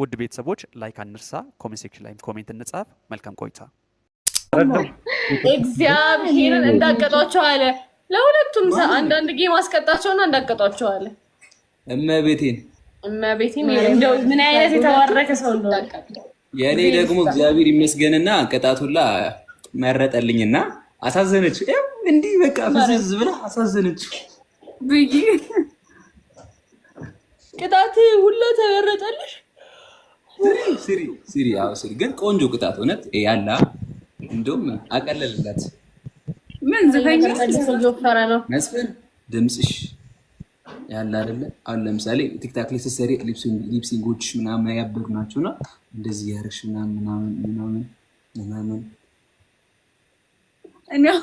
ውድ ቤተሰቦች ላይክ አንርሳ፣ ኮሜንት ሴክሽን ላይ ኮሜንት እንጻፍ። መልካም ቆይታ። እግዚአብሔርን እንዳቀጧቸው አለ። ለሁለቱም አንዳንድ ጌ ማስቀጣቸውና እንዳቀጧቸው አለ። እመቤቴን እመቤቴን፣ ምን አይነት የተባረከ ሰው የእኔ ደግሞ እግዚአብሔር ይመስገንና ቅጣቱላ መረጠልኝና አሳዘነች። እንዲህ በቃ ፍዝዝ ብላ አሳዘነች ብዬ ቅጣት ሁላ ተመረጠልሽ። ስሪ ስሪ ግን ቆንጆ ቅጣት እውነት ያላ እንደውም አቀለልላት። ምን ዝፈኝ መስፍን ድምፅሽ ያለ አይደለ አሁን ለምሳሌ ቲክታክ ላይ ስትሰሪ ሊፕሲንጎች ምናምን ያበሩ ናቸው እና እንደዚህ ያርሽ ምናምን ምናምን ምናምን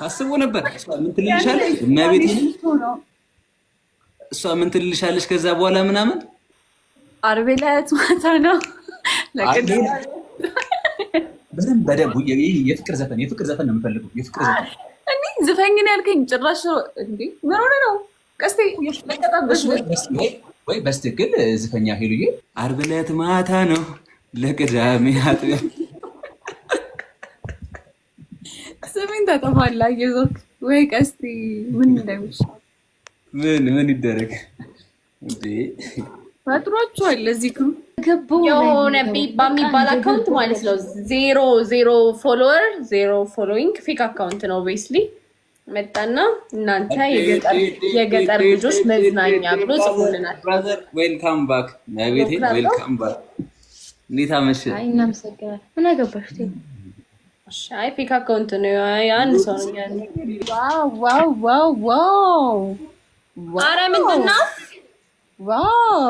አስቦ ነበር። ምን ትልልሻለች እመቤት፣ እሷ ምን ትልልሻለች ከዛ በኋላ ምናምን አርቤ ላይ ማታ ነው በደንብ በደንብ የፍቅር ዘፈን የፍቅር ዘፈን ነው የምፈልገው። የፍቅር ዘፈን እንዴ ዝፈኝን ያልከኝ ጭራሽ እንዴ ምን ሆነ ነው? ቀስቴ ለቀጣበሽ ወይ በስትክል ዝፈኛ ሄሉዬ። ዓርብ ዕለት ማታ ነው ለቅዳሜ አጥ ስሜን ተጠፋላ የዞክ ወይ ቀስቲ ምን እንደሚሽ ምን ምን ይደረግ እንዴ ፈጥሯችኋል ለዚህ ክም ገቡ የሆነ ቢባ የሚባል አካውንት ማለት ነው። ዜሮ ዜሮ ፎሎወር ዜሮ ፎሎዊንግ ፌክ አካውንት ነው። ቤስሊ መጣና እናንተ የገጠር ልጆች መዝናኛ ብሎ ጽፎልናል። ዌልካም ባክ ቤቴ፣ ዌልካም ባክ። እንዴት አመሸህ? እናመሰግናል። ምን አገባሽ? አይ ፌክ አካውንት ነው። አንድ ሰው ነው ያለው። ዋው ዋው ዋው! አረ ምንድን ነው ዋው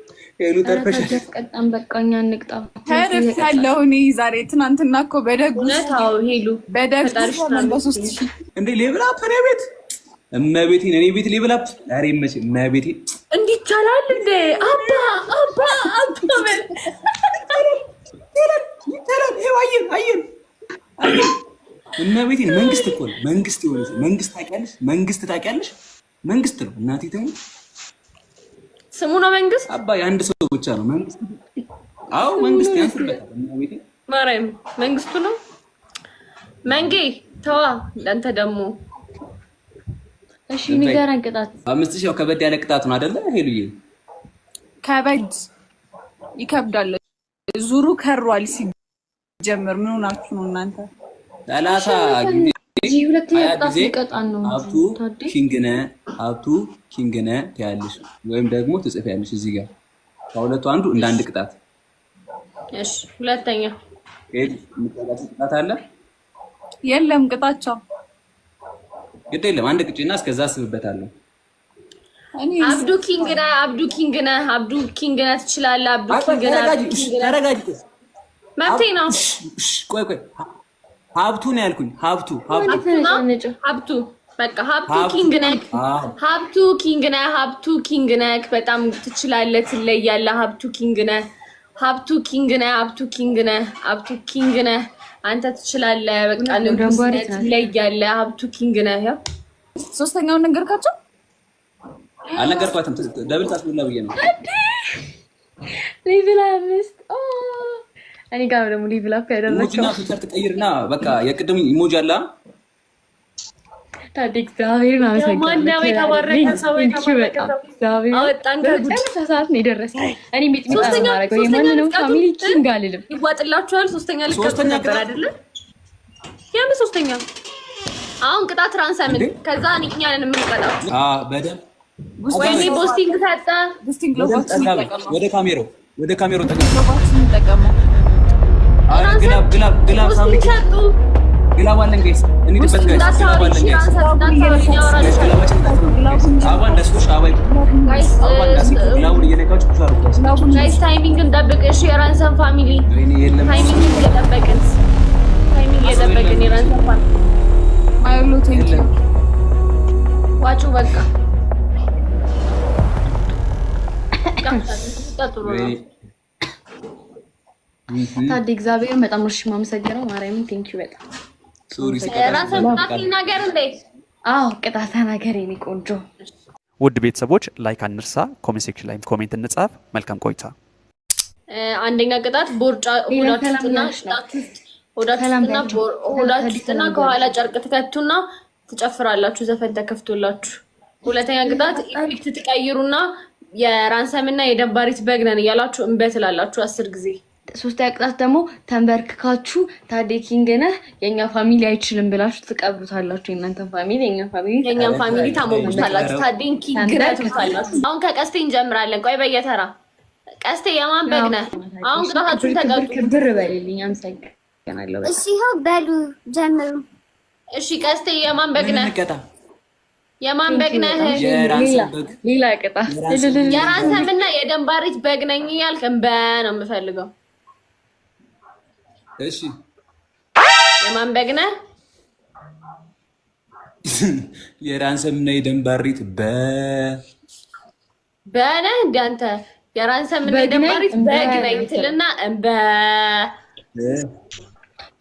ሉተር ፈሸቀጣም በቃኛ ንቅጣ ተርፍ ያለው እኔ ዛሬ ትናንትና እኮ በደጉ ሄሉ በደጉ በሶስት ሺ እንዴ ሌብል አፕ እኔ ቤት እመቤቴ እኔ ቤት ሌብል ዛሬ መ እመቤቴ እንዲህ ይቻላል እንዴ አባ አባ አባ በል ይቻላል ይኸው አየን አየን መንግስት እኮ ነው መንግስት የሆነ መንግስት ታውቂያለሽ መንግስት ታውቂያለሽ መንግስት ነው እናቴ ተሆነ ስሙ ነው መንግስት አባ አንድ ሰው ብቻ ነው መንግስት። አዎ መንግስት ያስበታል። መንግስቱ ነው መንጌ ተዋ። ለአንተ ደግሞ እሺ ንገረን ቅጣት። አምስት ሺህ ከበድ ያለ ቅጣት ነው አይደለ ሄሉዬ? ከበድ ይከብዳል። ዙሩ ከሯል። ሲጀምር ምን ሆናችሁ ነው እናንተ? ሰላሳ ጊዜ ሀያ ጊዜ ሀብቱ ኪንግነ ሀብቱ ኪንግ ነ ትያለሽ ወይም ደግሞ ትጽፊያለሽ። እዚህ ጋር ከሁለቱ አንዱ እንደ አንድ ቅጣት። እሺ፣ ሁለተኛ ቅጣት አለ የለም? ቅጣቸው ግድ የለም። አንድ ቅጭና እስከዛ አስብበታለሁ። አብዱ ኪንግ ነ አብዱ ኪንግ ነ አብዱ ኪንግ ነ ትችላለህ። አብዱ ኪንግ ነ ተረጋጅ፣ መብቴ ነው። ቆይ ቆይ፣ ሀብቱ ነው ያልኩኝ። ሀብቱ ሀብቱ ሀብቱ በቃ ሀብቱ ኪንግ ነክ፣ ሀብቱ ኪንግ ነ፣ ሀብቱ ኪንግ ነክ። በጣም ትችላለህ፣ ትለያለህ። ሀብቱ ኪንግ ነ፣ ሀብቱ ኪንግ ነ፣ ሀብቱ ኪንግ ነ፣ ሀብቱ ኪንግ ነ። አንተ ትችላለህ፣ በቃ ንጉስ ነህ፣ ትለያለህ። ሀብቱ ኪንግ ነ። ያው ሶስተኛውን ነገርካቸው አልነገርኳትም። ደብል ታስብላ ብዬ ነው ሌቭል አምስት እኔ ጋር ደግሞ ሌቭል አፕ ያደረግኩት ፊልተር ትቀይርና በቃ የቅድም ኢሞጂ አለ ታዲያ እግዚአብሔርን አመሰግናለሁ። ሰዓት ነው የደረሰው። እኔ ሚጥሚጣ ማረገ ማንንም ፋሚሊ ኪንግ አልልም። ይዋጥላችኋል። ሶስተኛ ልቀቱ ነበር አይደለም? ያም ሶስተኛ አሁን ቅጣት ራንሰምን ከዛ እኛ ነን የምንቀጣው። ወይኔ ቦስቲንግ ሰጠ። ወደ ካሜራው ወደ ካሜራው ግላብ ግላብ ግላብ ሳምሪ ግላቧለን ጋይስ እንሂድበት ጋይስ ግላቧለን ታይሚንግን ጠብቅ እሺ የራንሰን ፋሚሊ በቃ ታዲያ እግዚአብሔርን በጣም ነው የማመሰግነው። ማርያምን ቴንኪው በጣም ነገር ነገር የኔ ቆንጆ ውድ ቤተሰቦች ላይክ አንርሳ፣ ኮሜንት ሴክሽን ላይ ኮሜንት እንጻፍ። መልካም ቆይታ። አንደኛ ቅጣት ቦርጫ ሆዳችሁና ከኋላ ጨርቅ ትከቱና ትጨፍራላችሁ፣ ዘፈን ተከፍቶላችሁ። ሁለተኛ ቅጣት ኢፌክት ትቀይሩና የራንሰምና የደባሪት በግ ነን እያላችሁ እንበትላላችሁ አስር ጊዜ ሶስት ቅጣት ደግሞ ተንበርክካችሁ ታዴ ኪንግ ነህ የእኛ ፋሚሊ አይችልም ብላችሁ ትቀብሩታላችሁ። የእናንተ ፋሚሊ የእኛን ፋሚሊ የእኛን ፋሚሊ ታሞሙታላችሁ። ታዴን ኪንግ ትሉታላችሁ። አሁን ከቀስቴ እንጀምራለን። ቆይ በየተራ ቀስቴ የማን በግ ነህ? አሁን ቅጣታችሁን ተቀብር ክብር በልልኝ። አመሰግናለሁ። እሺ ይኸው በሉ ጀምሩ። እሺ ቀስቴ የማን በግ ነህ? የማን በግ ነህ? ሌላ ቅጣት የራስህም እና የደንባሪት በግ ነኝ እያልክ እምበ ነው የምፈልገው እሺ የማን በግ ነህ? የራንሰም እና የደንባሪት በ በነ እንዳንተ የራንሰም እና የደንባሪት በግ ነኝ ትልና በ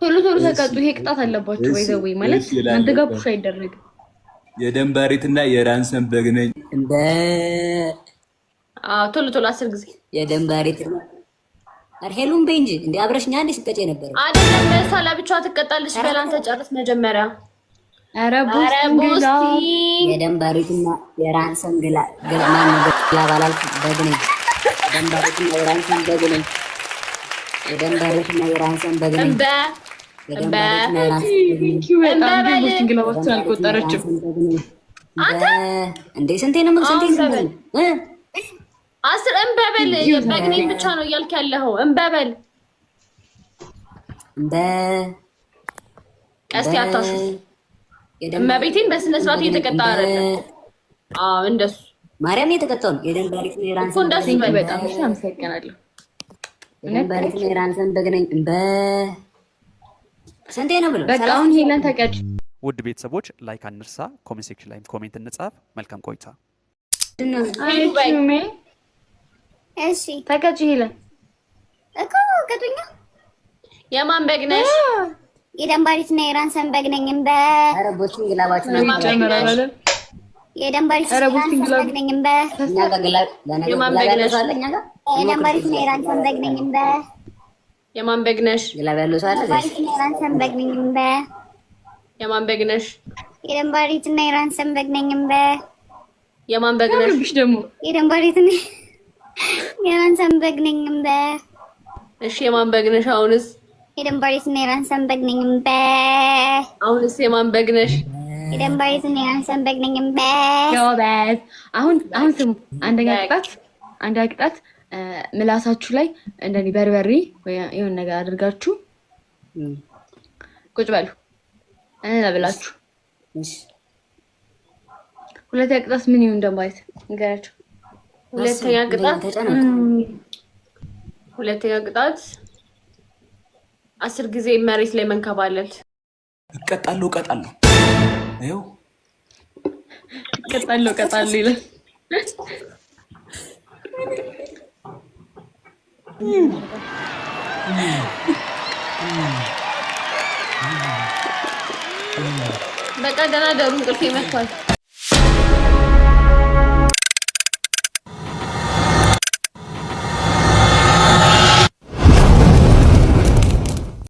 ቶሎ ቶሎ ተቀጡ። ይሄ ቅጣት አለባቸው። ወይ ዘወይ ማለት አንተ ጋር ፑሽ አይደረግም። የደንባሪትና የራንሰም በግ ነኝ። አዎ ቶሎ ቶሎ አስር ጊዜ የደንባሪት ሄሉም በይ እንጂ እንደ አብረሽኛ እንደ ስቀጭ የነበረው አይደለም። መሳላ ብቻ ትቀጣለች። በላን ጨርስ መጀመሪያ። አረ ቡስቲ የደንባሪትና የራንሰን ግላ ግላማን ግላባላል በግነኝ የደንባሪትና የራንሰን በግነኝ የደንባሪትና የራንሰን በግነኝ በ እንዴ ስንቴ ነው ስንቴ ነው አስር እንበበል በግኔ ብቻ ነው እያልክ ያለኸው። እንበበል እንበ ቀስቲ አታሹ እመቤቴን በስነ ስርዓት እየተቀጣ አይደለም። አዎ እንደሱ ማርያም እየተቀጣው ነው። የደም ነው የራንሰን እንደሱ ይበል። በጣም አመሰግናለሁ። የደም ባሪክ ነው የራንሰን በግነኝ እንበ ስንቴ ነው ብሎ በቃ አሁን ሄለን ተቀጭ። ውድ ቤተሰቦች ላይክ አንርሳ፣ ኮሜንት ሴክሽን ላይ ኮሜንት እንጻፍ። መልካም ቆይታ። እሺ ተቀጭ ይለ እኮ ከቶኛ የማን በግ ነሽ? የደንባሪት እና የራንሰን በግ ነኝ። እንበ ኧረ ቦቲን ግላባችሁ ነው ማለት በግ ነኝ። እንበ እኛ ጋር የራንሰን በግ ነኝ። እንበ የማን በግ ነሽ? ግላባ ያለው ሰዓት የደንባሪት የራንሰን በግ ነኝ። እንበ የማን በግ ነሽ? የደንባሪት እና የራንሰን በግ ነኝ። እንበ የማን በግ ነሽ ደግሞ የደንባሪት እና የራንሰን በግ ነኝ እምበ። እሺ የማን በግ ነሽ? አሁንስ የደንባሬት እና የራንሰን በግ ነኝ እምበ። አሁንስ የማን በግ ነሽ? የደንባሬት እና የራንሰን በግ ነኝ እምበ። ጎበዝ። አሁን አሁን ስሙ፣ አንደኛ ቅጣት፣ አንደኛ ቅጣት ምላሳችሁ ላይ እንደኔ በርበሬ ወይ የሆነ ነገር አድርጋችሁ ቁጭ በሉ ብላችሁ። ሁለተኛ ቅጣት ምን ይሁን? ደንባሬት ንገራችሁ። ሁለተኛ ቅጣት ሁለተኛ ቅጣት አስር ጊዜ መሬት ላይ መንከባለል። እቀጣለሁ እቀጣለሁ ይኸው እቀጣለሁ እቀጣለሁ ይላል። በቃ ደህና ደሩ። እንቅልፌ